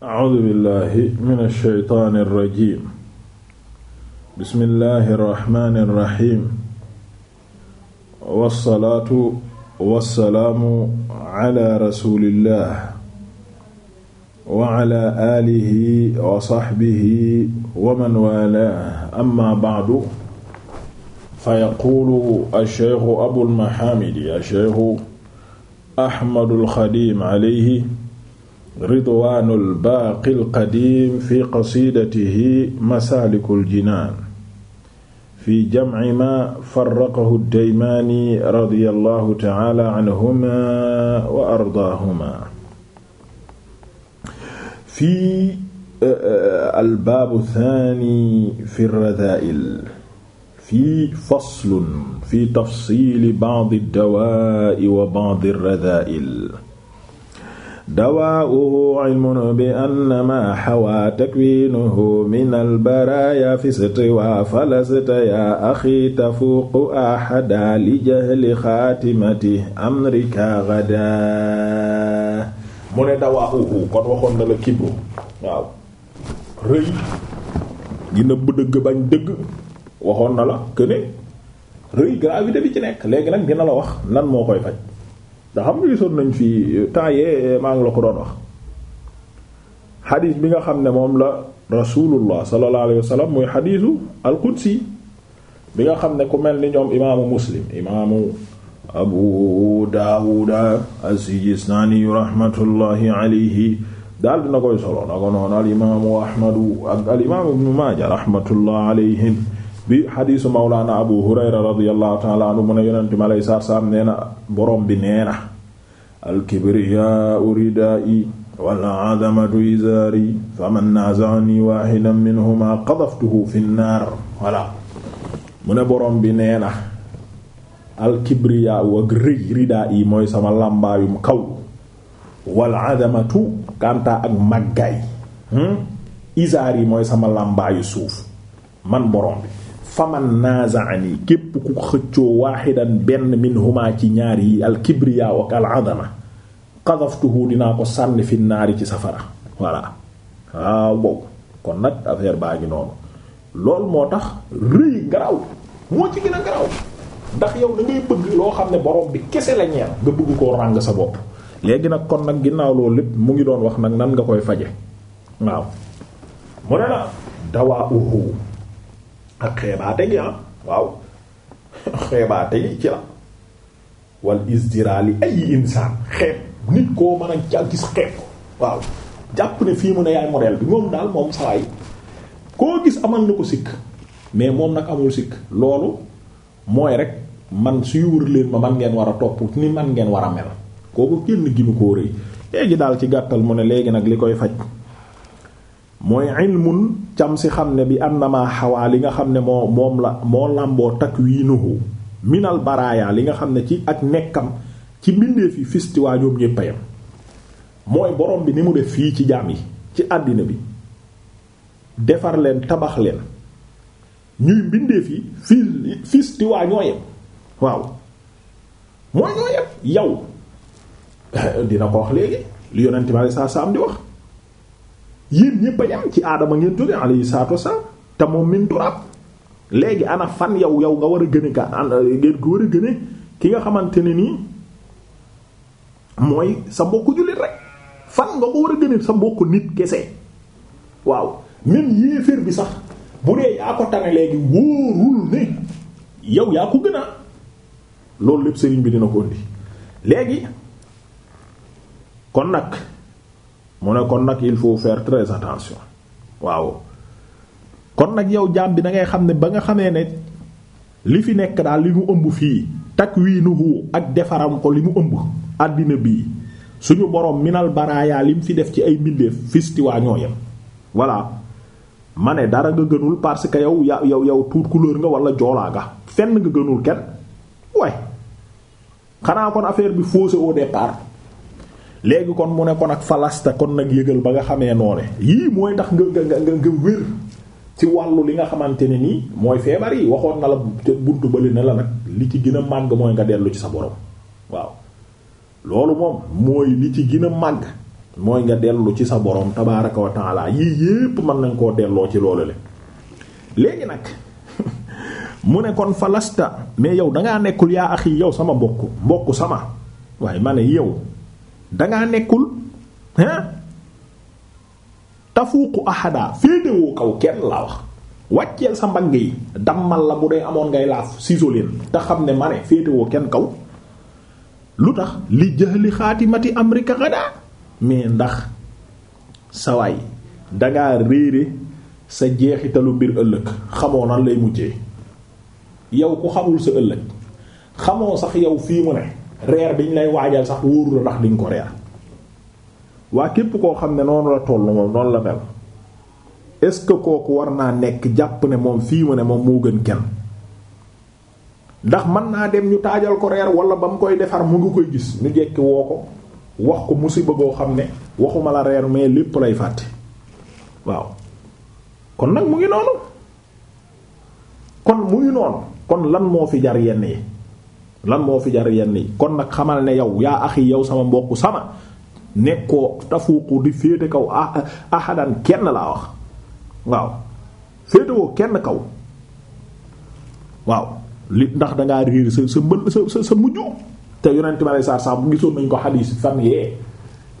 A'uuzu billaahi mina shaytaani rajiim. Bismillaahi rahmaani rahiim. Wassalaatu wassalaamu ala rasuulillaah wa ala aalihi wa sahbihi wa man waalaah. Ammaa ba'du. Fayaquulu ash-shaykhu Abul Mahaamidi ash-shaykhu Ahmadul Xadiim alayhi. ridwaanul baaqil qadiim fi qasiidatihi masaalikul jinaan fi jamci ma farraqahu daymaani radiyallahu ta'ala anhumaa wa ardaahumaa. fi e, e, albaabu saani fi radaa'il fi faslun fi tafsiili ba'di dawaa'i wa ba'di radaa'il. dawaa'uhu ilmun bi annama xawaa takwiinuhu min albaraaya fi stiwaa falasta yaa axi tafuuqu axada li jahli xaatimati amrika gadaa mu ne dawaa'uhu kon waxoon na la kibru waaw rëy gi nëbb dëgg bañ dëgg waxoon na la këne rëy gravité bi ci nekk léegi nag dina la wax nan moo koy faj ndax xam nga gisoon nañ fii euh, temps yee euh, maa ngi la ko doon wax xadiis bi nga xam ne moom la rasulullah sallallahu alayhi wa sallam muy xadiisu al-qudsi bi nga xam ne ku mel ni ñoom imaamu muslim imaamu abu daawuda as-sijistaani rahmatullahi alayhi daal na koy solo na ko noonu al imaamu ahmadu ak al imaamu ibnu maaja rahmatullah alayhim bi xadiisu mawlaana abu hurayra radiyallahu taala anhu mu ne yonente mi alay saatu salaam nee na borom bi nee na alkibriyaau ridaa'i wal azamatu izaari faman naaza'anii waahidan minhumaa qadaftuhu fi nnaar voilà mu ne borom bi nee na alkibriyaau ak rëy ridaa'i mooy sama làmbaayum kaw wal azamatu kàntaa ak màggaay hmm? izaar yi mooy sama làmbaayu suuf man borom bi faman nazaani képp ku xëccoo waaxidan benn minhuma ci ñaar yi al kibriya ak al adama qadaftuhu dinaa ko sànni fi naari ci safara voilà waaw boobu kon nag affaire baa ngi noonu loolu moo tax rëy garaw moo ci gën a garaw ndax yow da bëgg loo xam ne borom bi kese la ñeel nga bëgg koo ràng sa bopp léegi nag kon nag ginnaaw loolu lépp mu ngi doon wax nag nan nga koy faje waaw mu ne la dawaa uhu ak xeebaate gi ah waaw xeebaate gi ci la wal isdirali ay insaan xeeb nit koo mën a ja gis xeeb waaw jàpp ne fii mu ne yaay modèle bi moom daal moom sawaay koo gis amal na ko sikk mais moom nag amul sikk loolu mooy rek man suy wër ma man ngeen wara topp ni man ngeen war a mel kooku kenn ginu koo rëy léegi daal ci gàttal mu ne léegi nag li koy faj mooy ilmun cam si xam ne bi am na maa xawaa li nga xam ne moo moom la moo làmboo takwiinuhu minal baraaya li nga xam ne ci ak nekkam ci mbindeef yi fistiwaa ñoom ñéppa mooy borom bi ni mu def fii ci jaam yi ci àddina bi defar leen tabax leen ñuy mbindeef yi fii fistiwaa ñoo yem waaw mooy ñoo yem yow dina ko wax léegi li yonent bi sallallahu alayhi wasallam di wax yéen ñëpp a yem ci aadama ngeen jóge alayhi salaatu wasalaam te moom min turab léegi ana fan yow yow nga war a gën a ngeen ko war a gën ki nga xamante ne nii mooy sa mbokku jullit rek fan nga ko a gëne sa mbokku nit kese waaw même yéeféer bi sax bu dee yaa ko tane léegi wóorul ne yow yaa ko gën a loolu lépp sëriñ bi dina ko indi léegi kon nag mu ne kon nag il faut faire très attention waaw kon nag yow jaam bi da ngay xam ne ba nga xamee ne li fi nekk daal li mu ëmb fii takwiinuhu ak defaram ko li mu ëmb àddina bii suñu borom minal baraayaa lim fi def ci ay mbindeef fistiwaa ñoo yem voilà ma ne dara nga gënul parce que yow yow yow tuut couleur nga wala joolaa nga fenn nga gënul kenn way xanaa kon affaire bi faussé au départ léegi kon mu ne kon ak falasta kon nag yëgal ba nga xamee noone yii mooy ndax nga nga nga nga wér ci wàllu li nga xamante ne nii mooy feebar yi waxoon na la buntu bali ne la nag li ci gën a màgg mooy nga dellu ci sa borom waaw loolu moom mooy li ci gën a màgg mooy nga dellu ci sa borom tabaaraka wa taala yii yépp mën nañ koo delloo ci loolu le léegi nag mu ne kon falasta mais yow dangaa nekkul yaa axi yow sama mbokk mbokk sama waaye ma ne yow danga nekkul hein tafuuqu ahada féetewoo kaw kenn laa wax wàcceel sa mbagg yi dammal la bu dee amoon ngay laaf siso te xam ne ma ne féetewoo kenn kaw lu tax li jëli xaatimati amrika xadaa mais ndax sawaay danga réere sa jeexitalu mbir ëllëg xamoo nan lay mujjee yow ku xamul sa ëllëg xamoo sax yow fii mu ne reer biñ lay waajal sax wóoru la ndax diñ ko reer waa képp koo xam ne noonu la toll moom noonu la mel est-ce que kooku war naa nekk jàpp ne moom fii ma ne moom moo gën kenn ndax mën naa dem ñu taajal ko reer wala ba mu koy defar mu ngi koy gis nu jekki woo ko wax ko musiba goo xam ne waxuma la reer mais lépp lay fàtte waaw kon nag mu ngi noonu kon mu ngi noonu kon lan moo fi jar yenn yi lan moo fi jar yenn yi kon nag xamal ne yow yaa axi yow sama mbokk sama nekkoo tafuuqu di féete kaw ahadan kenn laa wax waaw féetewoo kenn kaw waaw li ndax dangaa réer sa sa mbël sa sa mujj te yonente mi aleye sat bu gisoon nañ ko xadiis fan yee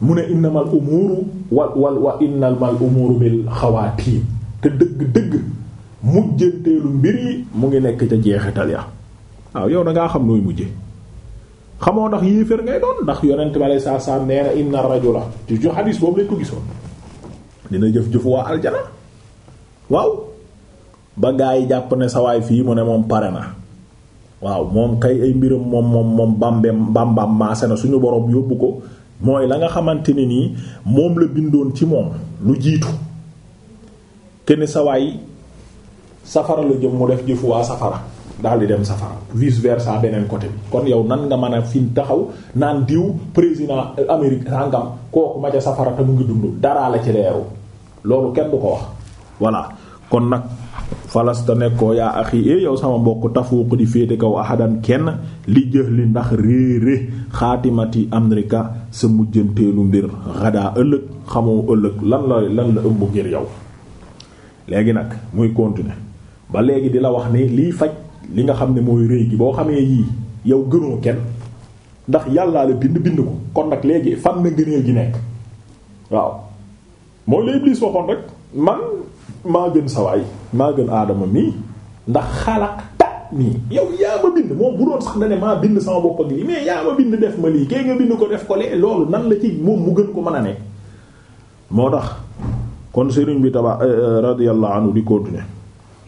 mu ne innamal umuuru wal wa wa innamal umuuru bil xawaatiim te dëgg dëgg mujjanteelu mbir yi mu ngi nekk ca jeexital ya waaw yow da ngaa xam nooy mujje xamoo ndax yéeféer ngay doon ndax yonent bi alei saatu salaam nee na rajo la ci jo xadis boobu lañ ko gisoon dina jëf-jëfu waa aljana waaw ba gaa yi jàpp ne sawaay fii mu ne moom pare na waaw moom kay ay mbiram moom moom moom bambem maase na suñu borom yóbbu ko mooy la nga xamante ne nii moom la bindoon ci moom lu jiitu kenn sawaay safara la jëm mu def jëfu waa safara daal di dem safara vice versa beneen côté bi kon yow nan nga mën a fi taxaw naan diw président Amérique sangam kooku ma ca safara te mu ngi dund daraa la ci leeru loolu kenn du ko wax voilà kon nag falasta nekkoo yaa axi e yow sama mbokk tafuuq di féete kaw ahadan kenn li jëx li ndax réeré xaatimati amrika sa mujjanteelu mbir xadaa ëllëg xamoo ëllëg lan la lan la ëmb ngir yow léegi nag muy continuer ba léegi di la wax ni liy faj li nga xam ne mooy rëy gi boo xamee yii yow gënoo kenn ndax yàllaa la bind bind ko kon nag léegi fan na ngëneel gi nekk waaw mooy la Iblis waxoon rek man maa gën sawaay maa gën aadama mii ndax xalaat xalaqta nii yow yaa ma bind moom bu doon sax na ne maa bind sama bopp ak lii mais yaa ma bind def ma lii kee nga bind ko def ko lee loolu nan la ci moom mu gën ko mën a nekk moo tax kon sëriñ bi taba eh, eh, radiyallahu anhu di continuer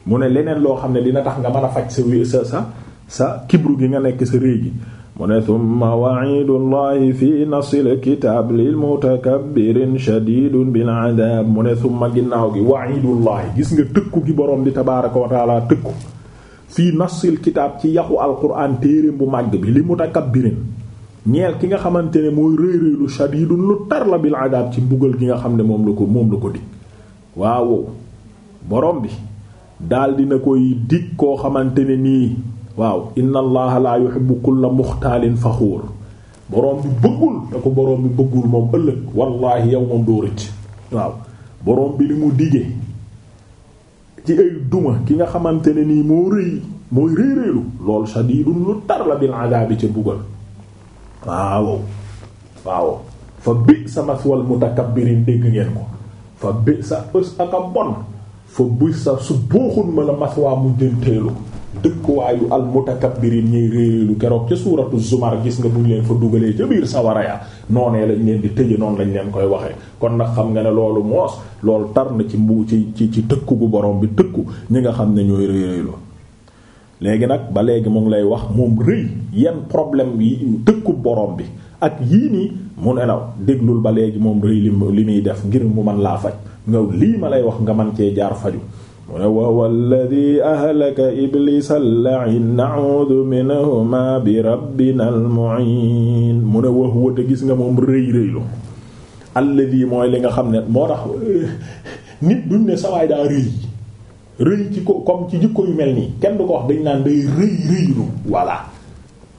mu ne leneen loo xam ne dina tax nga mën a faj sa sa sa kibru gi nga nekk sa rëy gi mu ne thumma wa'idullahi fi nasil kitaab lil mutakabbirin shadidun bil adab mu ne thumma ginnaaw gi wa'idullahi gis nga tëkku gi borom di tabaaraka wa taala tëkku fii nasil kitaab ci yaxu alquran téereem bu màgg bi li mutakabbirin ñeel ki nga xamante ne mooy rëy rëylu shadidun lu tar la bil adab ci mbugal gi nga xam ne moom la ko moom la ko dig borom bi daldi dina koy dig koo xamante ne nii waaw inna allaha la yuhibbu kulla muxtaalin faxuur boroom bi bëggul da ko boroom bi bëggul moom ëllëg wallaahi yow moom doo rëcc waaw boroom bi li mu digee ci ay duma ki nga xamante ne nii moo rëy mooy réeréelu loolu shadiidun lu tar la bil adaabi ca buggal waaw waaw fa bi sa maswal mutakabbirin dégg ngeen ko fa bi sa ës ak a bon fa buy sa su booxun ma la maswaa mu jënteelu dëkkuwaayu almutakabbirin ñuy réeréelu keroog ca suuratu zumar gis nga bu leen fa dugalee ca biir sawara ya noonee lañ leen di tëje noonu lañ leen koy waxee kon nag xam nga ne loolu moos loolu tar na ci mbu ci ci ci tëkku gu borom bi tëkku ñi nga xam ne ñooy réeréelu léegi nag ba léegi mu ngi lay wax moom rëy yan problème yi tëkku borom bi ak yii nii mu ne naw déglul ba léegi moom rëy li muy def ngir mu mën laa faj nga lii ma lay wax nga man cee jaar faju mu ne wa walladi ahlaka iblisa la'in na'udhu minhuma bi ne wax wata gis nga moom rëy rëylu alladi mooy li nga xam ne moo tax euh, nit duñ ne sawaay daa rëy rëy ci ko comme ci jikko yu mel nii kenn du ko wax dañ naan day rëy rëylu voilà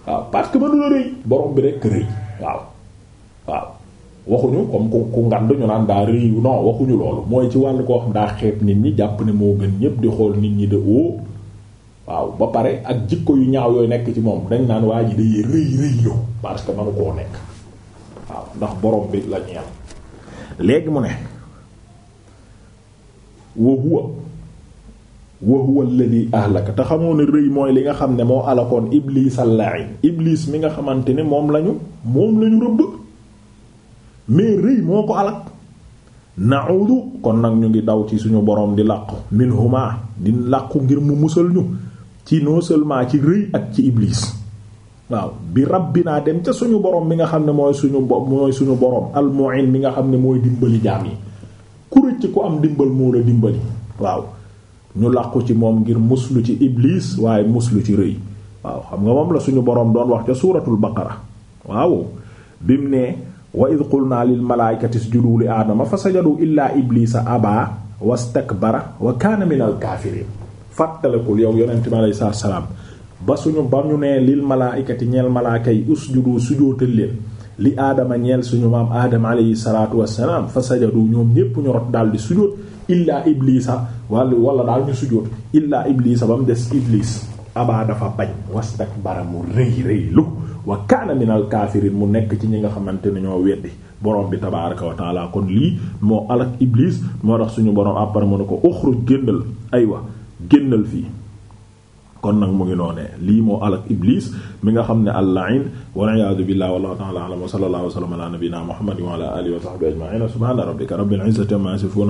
waaw parce que rëy borom bi rekk rëy waaw waaw waxuñu comme ku ku ngand ñu naan daa rëyu non waxuñu loolu mooy ci wàllu koo xam daa xeeb nit ñi jàpp ne moo gën ñépp di xool nit ñi de oo oh. waaw ba pare ak jikko yu ñaaw yooyu nekk ci moom dañ naan waa ji day rëy rëy yow parce que manu koo nekk waaw ndax borom bi la ñeel léegi mu ne wa huwa wa huwa alladhi te xamoo ne rëy mooy li nga xam ne moo alakoon iblis al la'in mi nga xamante ne moom lañu moom lañu rëbb mais rëy moo ko alak na'udu kon nag ñu ngi daw ci suñu borom di làqu min huma di làqu ngir mu musal ñu ci non seulement ci rëy ak ci iblis waaw bi naa dem ca suñu borom mi nga xam ne mooy suñu bo suñu borom al-mu'in nga xam ne mooy dimbali jaam yi ku rëcc ku am dimbal moo la dimbali waaw ñu làqu ci moom ngir muslu ci iblis waaye muslu ci rëy waaw xam nga moom la suñu borom doon wax ca suuratul baqara waaw bim ne wa id qulna lil malaikati isjudu li aadama fa sajadu illa iblisa abaa wastakbara wa kaana min al kaafiriin fàttalikul yow yonent bi aleyhi salaatu salaam ba suñu ba ñu nee lil malaikati ñel malaaka yi usjudu sujootal leen li aadama ñeel suñu maam aadama aleyhi salaatu wassalaam fa sajadu ñoom ñépp ñu rot daal di sujoot illaa iblisa wala wala daal ñu sujoot illaa iblisa ba mu des iblis abaa dafa bañ wastakbara mu rëy rëy lu wa kaana minal kaafiriin mu nekk ci ñi nga xamante ne ñoo weddi borom bi tabaaraka wa taala kon lii moo alak iblis moo tax suñu borom après mu ne ko uxruj génnal aywa génnal fii kon nag mu ngi noonee lii moo alak iblis mi nga xam ne al-la'iin wal iyaadu billaah wallahu ta'ala a'lam wa sallallahu wa sallama ala nabiyyina muhammadin wa ala alihi wa sahbihi subhaana rabbika rabbil izzati